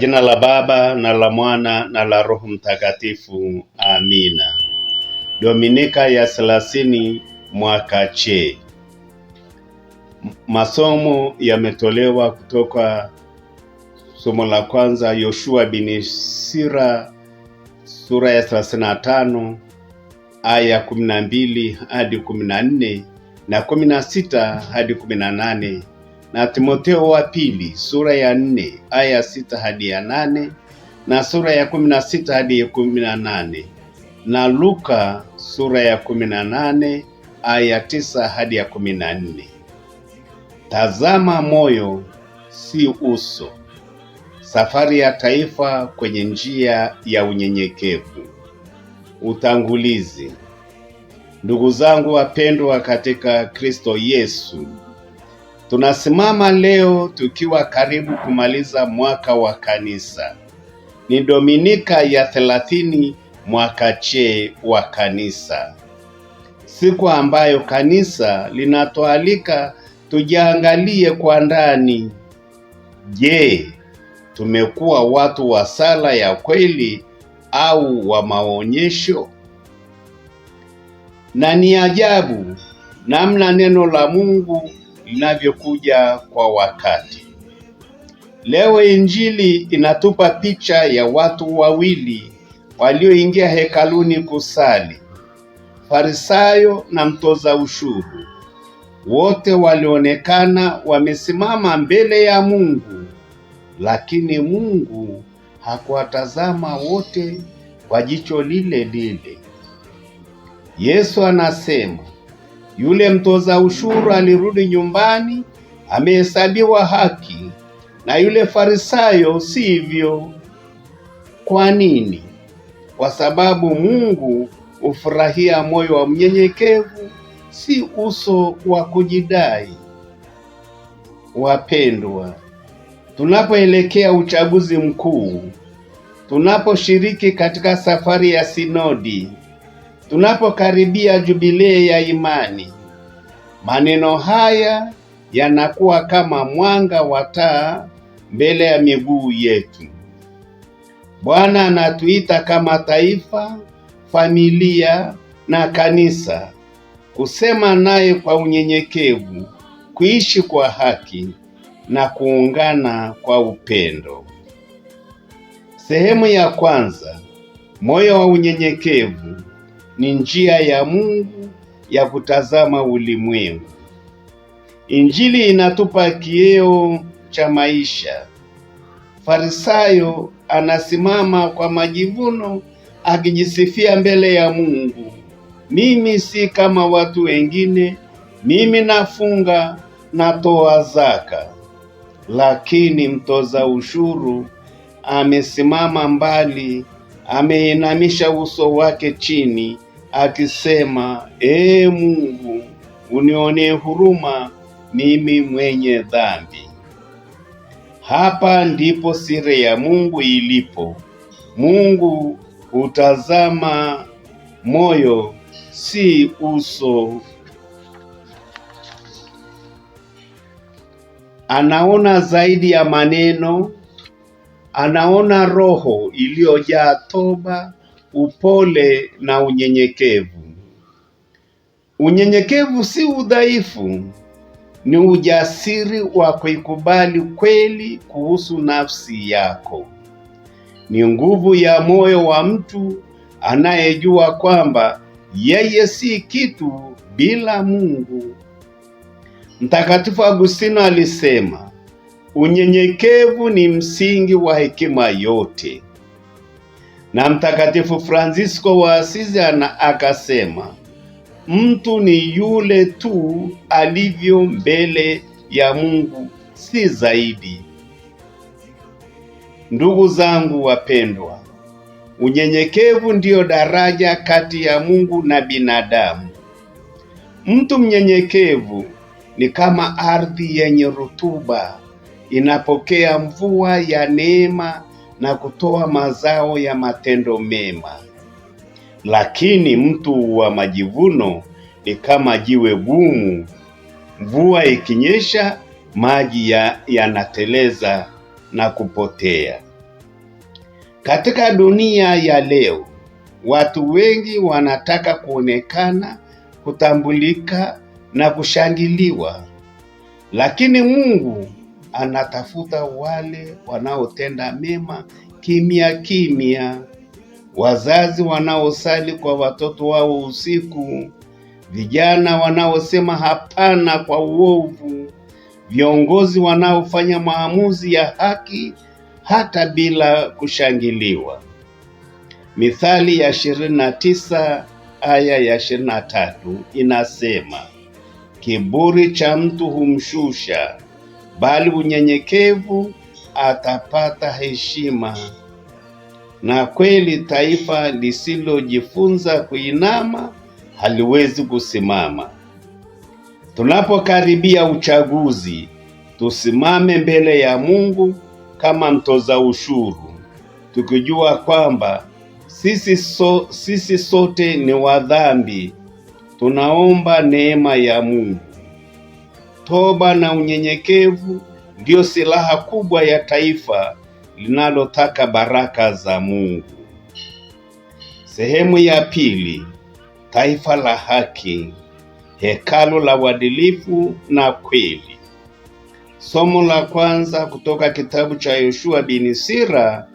jina la Baba na la Mwana na la Roho Mtakatifu. Amina. Dominika ya thelathini mwaka C. Masomo yametolewa kutoka somo la kwanza Yoshua bin Sira sura ya 35 aya 12 hadi 14 na 16 hadi 18 na Timotheo wa pili sura ya nne aya ya sita hadi ya nane na sura ya kumi na sita hadi ya kumi na nane na Luka sura ya kumi na nane aya ya tisa hadi ya kumi na nne. Tazama moyo si uso. Safari ya taifa kwenye njia ya unyenyekevu. Utangulizi. Ndugu zangu wapendwa katika Kristo Yesu, Tunasimama leo tukiwa karibu kumaliza mwaka wa kanisa. Ni Dominika ya thelathini mwaka C wa kanisa, siku ambayo kanisa linatualika tujiangalie kwa ndani. Je, tumekuwa watu wa sala ya kweli au wa maonyesho? Na ni ajabu namna neno la Mungu vinavyokuja kwa wakati. Leo Injili inatupa picha ya watu wawili walioingia hekaluni kusali, Farisayo na mtoza ushuru. Wote walionekana wamesimama mbele ya Mungu, lakini Mungu hakuwatazama wote kwa jicho lile lile. Yesu anasema yule mtoza ushuru alirudi nyumbani amehesabiwa haki, na yule farisayo sivyo. Kwa nini? Kwa sababu Mungu hufurahia moyo wa mnyenyekevu, si uso wa kujidai. Wapendwa, tunapoelekea uchaguzi mkuu, tunaposhiriki katika safari ya sinodi Tunapokaribia jubilei ya imani, maneno haya yanakuwa kama mwanga wa taa mbele ya miguu yetu. Bwana anatuita kama taifa, familia na kanisa kusema naye kwa unyenyekevu, kuishi kwa haki na kuungana kwa upendo. Sehemu ya kwanza: moyo wa unyenyekevu ni njia ya Mungu ya kutazama ulimwengu. Injili inatupa kieo cha maisha. Farisayo anasimama kwa majivuno akijisifia mbele ya Mungu, mimi si kama watu wengine, mimi nafunga, natoa zaka. Lakini mtoza ushuru amesimama mbali, ameinamisha uso wake chini akisema, Ee Mungu, unionee huruma mimi mwenye dhambi. Hapa ndipo siri ya Mungu ilipo. Mungu hutazama moyo, si uso. Anaona zaidi ya maneno, anaona roho iliyojaa toba upole na unyenyekevu. Unyenyekevu si udhaifu, ni ujasiri wa kuikubali kweli kuhusu nafsi yako. Ni nguvu ya moyo wa mtu anayejua kwamba yeye si kitu bila Mungu. Mtakatifu Agustino alisema, unyenyekevu ni msingi wa hekima yote na Mtakatifu francisco wa Asizi akasema, mtu ni yule tu alivyo mbele ya Mungu, si zaidi. Ndugu zangu wapendwa, unyenyekevu ndiyo daraja kati ya Mungu na binadamu. Mtu mnyenyekevu ni kama ardhi yenye rutuba, inapokea mvua ya neema na kutoa mazao ya matendo mema. Lakini mtu wa majivuno ni kama jiwe gumu, mvua ikinyesha maji yanateleza ya na kupotea. Katika dunia ya leo, watu wengi wanataka kuonekana, kutambulika na kushangiliwa, lakini Mungu anatafuta wale wanaotenda mema kimya kimya, wazazi wanaosali kwa watoto wao usiku, vijana wanaosema hapana kwa uovu, viongozi wanaofanya maamuzi ya haki hata bila kushangiliwa. Mithali ya 29 aya ya 23 inasema, kiburi cha mtu humshusha bali unyenyekevu atapata heshima. Na kweli taifa lisilojifunza kuinama haliwezi kusimama. Tunapokaribia uchaguzi, tusimame mbele ya Mungu kama mtoza ushuru, tukijua kwamba sisi, so, sisi sote ni wadhambi. Tunaomba neema ya Mungu Toba na unyenyekevu ndiyo silaha kubwa ya taifa linalotaka baraka za Mungu. Sehemu ya pili: taifa la haki, hekalu la uadilifu na kweli. Somo la kwanza kutoka kitabu cha Yoshua bin Sira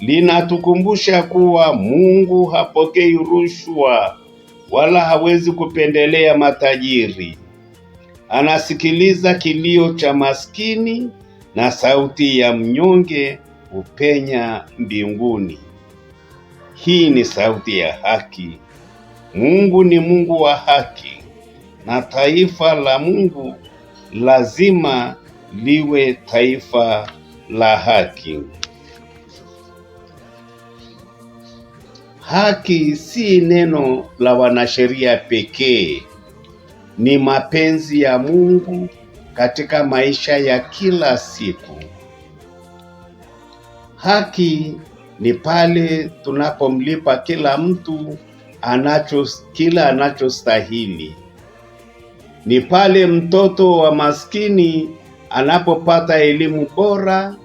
linatukumbusha kuwa Mungu hapokei rushwa wala hawezi kupendelea matajiri anasikiliza kilio cha maskini na sauti ya mnyonge hupenya mbinguni. Hii ni sauti ya haki. Mungu ni Mungu wa haki, na taifa la Mungu lazima liwe taifa la haki. Haki si neno la wanasheria pekee ni mapenzi ya Mungu katika maisha ya kila siku. Haki ni pale tunapomlipa kila mtu anacho kila anachostahili. Ni pale mtoto wa maskini anapopata elimu bora,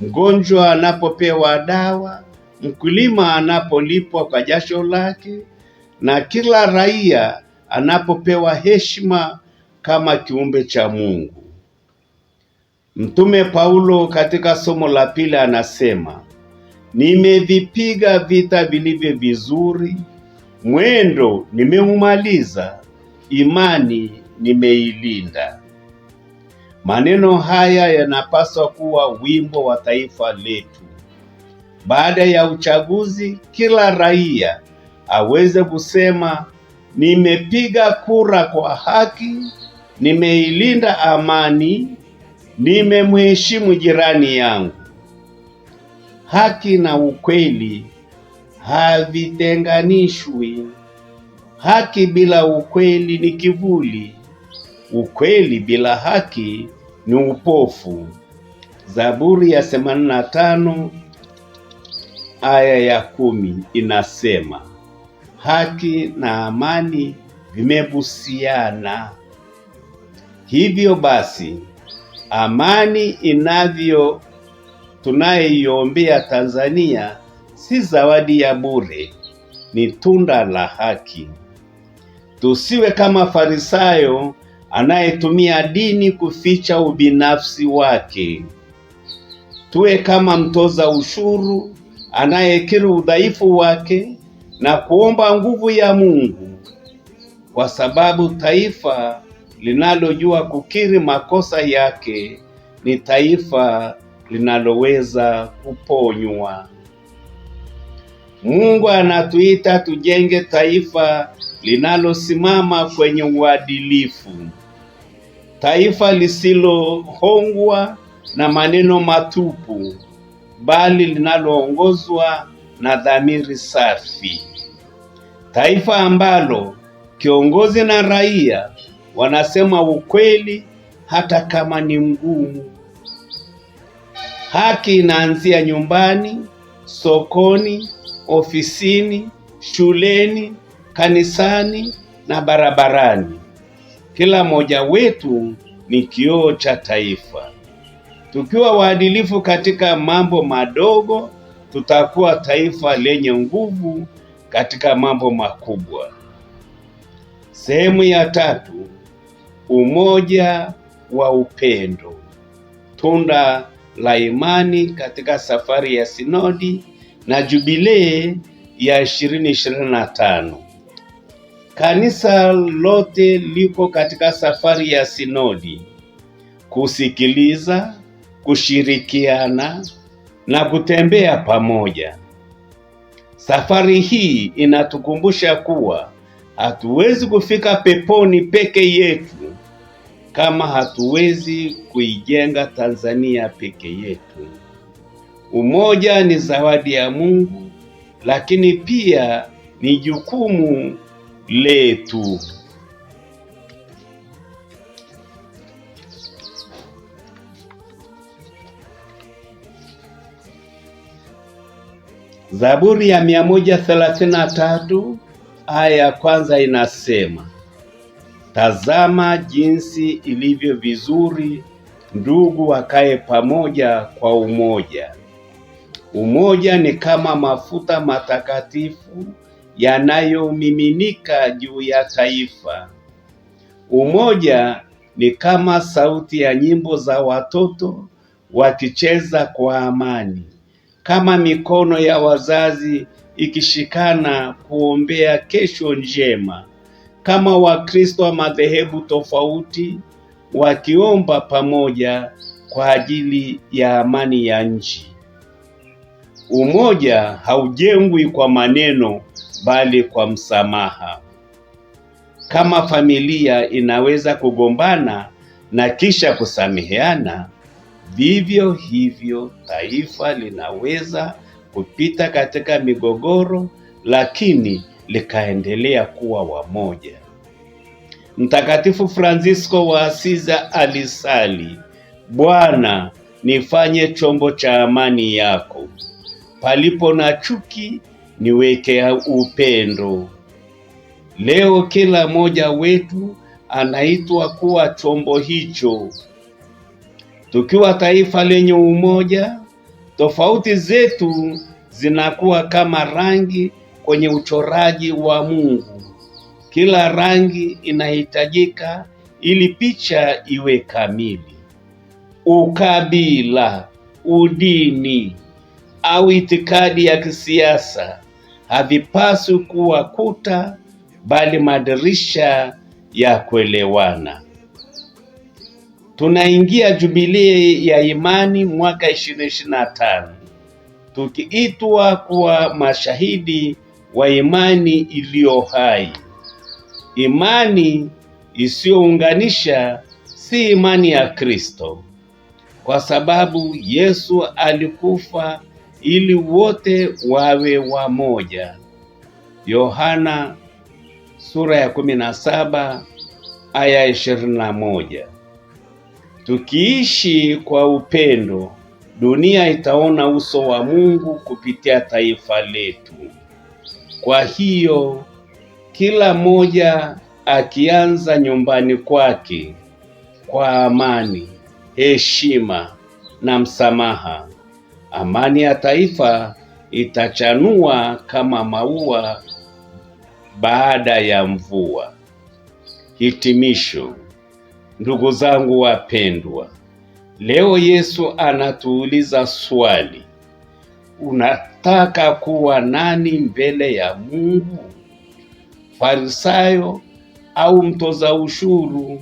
mgonjwa anapopewa dawa, mkulima anapolipwa kwa jasho lake, na kila raia anapopewa heshima kama kiumbe cha Mungu. Mtume Paulo katika somo la pili anasema, nimevipiga vita vilivyo vizuri, mwendo nimeumaliza, imani nimeilinda. Maneno haya yanapaswa kuwa wimbo wa taifa letu. Baada ya uchaguzi, kila raia aweze kusema nimepiga kura kwa haki, nimeilinda amani, nimemheshimu jirani yangu. Haki na ukweli havitenganishwi. Haki bila ukweli ni kivuli, ukweli bila haki ni upofu. Zaburi ya 85 aya ya kumi inasema haki na amani vimebusiana. Hivyo basi amani inavyo tunayeiombea Tanzania si zawadi ya bure, ni tunda la haki. Tusiwe kama Farisayo anayetumia dini kuficha ubinafsi wake. Tuwe kama mtoza ushuru anayekiri udhaifu wake na kuomba nguvu ya Mungu, kwa sababu taifa linalojua kukiri makosa yake ni taifa linaloweza kuponywa. Mungu anatuita tujenge taifa linalosimama kwenye uadilifu, taifa lisilohongwa na maneno matupu, bali linaloongozwa na dhamiri safi taifa ambalo kiongozi na raia wanasema ukweli hata kama ni mgumu. Haki inaanzia nyumbani, sokoni, ofisini, shuleni, kanisani na barabarani. Kila mmoja wetu ni kioo cha taifa. Tukiwa waadilifu katika mambo madogo, tutakuwa taifa lenye nguvu katika mambo makubwa. Sehemu ya tatu: umoja wa upendo, tunda la imani katika safari ya sinodi na jubilee ya 2025. Kanisa lote liko katika safari ya sinodi: kusikiliza, kushirikiana na kutembea pamoja. Safari hii inatukumbusha kuwa hatuwezi kufika peponi peke yetu kama hatuwezi kuijenga Tanzania peke yetu. Umoja ni zawadi ya Mungu, lakini pia ni jukumu letu. Zaburi ya 133 aya ya kwanza inasema, tazama jinsi ilivyo vizuri ndugu wakae pamoja kwa umoja. Umoja ni kama mafuta matakatifu yanayomiminika juu ya taifa. Umoja ni kama sauti ya nyimbo za watoto wakicheza kwa amani kama mikono ya wazazi ikishikana kuombea kesho njema, kama Wakristo wa madhehebu tofauti wakiomba pamoja kwa ajili ya amani ya nchi. Umoja haujengwi kwa maneno bali kwa msamaha. Kama familia inaweza kugombana na kisha kusameheana, Vivyo hivyo, taifa linaweza kupita katika migogoro, lakini likaendelea kuwa wamoja. Mtakatifu francisco wa Asiza alisali, Bwana, nifanye chombo cha amani yako. Palipo na chuki, niweke upendo. Leo kila mmoja wetu anaitwa kuwa chombo hicho tukiwa taifa lenye umoja, tofauti zetu zinakuwa kama rangi kwenye uchoraji wa Mungu. Kila rangi inahitajika ili picha iwe kamili. Ukabila, udini au itikadi ya kisiasa havipaswi kuwa kuta, bali madirisha ya kuelewana. Tunaingia jubilee ya imani mwaka 2025 tukiitwa kuwa mashahidi wa imani iliyo hai. Imani isiyounganisha si imani ya Kristo, kwa sababu Yesu alikufa ili wote wawe wamoja. Yohana sura ya 17 aya Tukiishi kwa upendo, dunia itaona uso wa Mungu kupitia taifa letu. Kwa hiyo kila mmoja akianza nyumbani kwake kwa amani, heshima na msamaha, amani ya taifa itachanua kama maua baada ya mvua. Hitimisho. Ndugu zangu wapendwa, leo Yesu anatuuliza swali, unataka kuwa nani mbele ya Mungu? Farisayo au mtoza ushuru?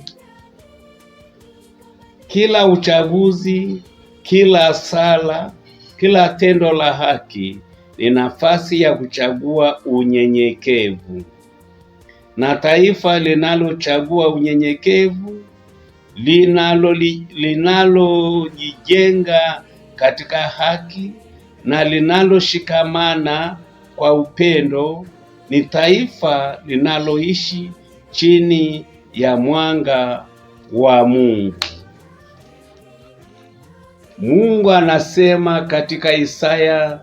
Kila uchaguzi, kila sala, kila tendo la haki ni nafasi ya kuchagua unyenyekevu, na taifa linalochagua unyenyekevu linalojijenga katika haki na linaloshikamana kwa upendo. Ni taifa linaloishi chini ya mwanga wa Mungu. Mungu anasema katika Isaya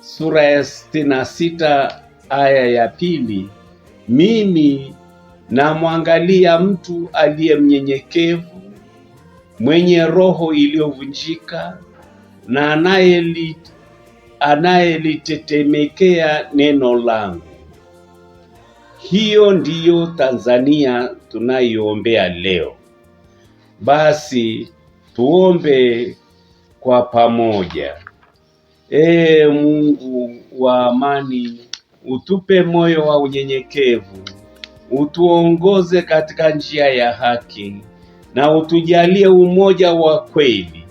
sura ya sitini na sita aya ya pili, mimi namwangalia mtu aliye mnyenyekevu mwenye roho iliyovunjika na anayelitetemekea neno langu. Hiyo ndiyo Tanzania tunaiombea leo. Basi tuombe kwa pamoja. Ee Mungu wa amani, utupe moyo wa unyenyekevu, utuongoze katika njia ya haki na utujalie umoja wa kweli,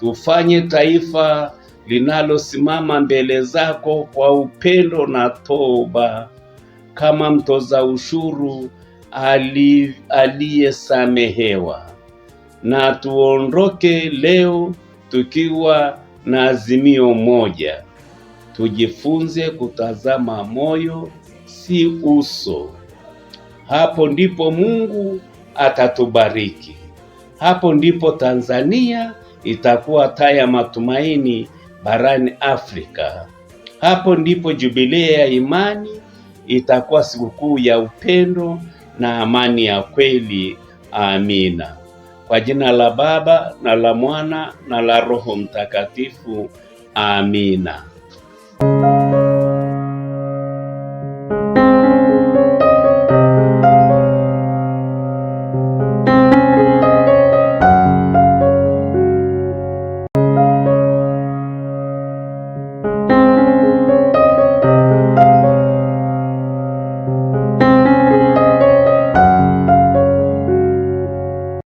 tufanye taifa linalosimama mbele zako kwa upendo na toba, kama mtoza ushuru aliyesamehewa, na tuondoke leo tukiwa na azimio moja. Tujifunze kutazama moyo, si uso. Hapo ndipo Mungu atatubariki. Hapo ndipo Tanzania itakuwa taa ya matumaini barani Afrika. Hapo ndipo jubilee ya imani itakuwa sikukuu ya upendo na amani ya kweli. Amina. Kwa jina la Baba na la Mwana na la Roho Mtakatifu. Amina.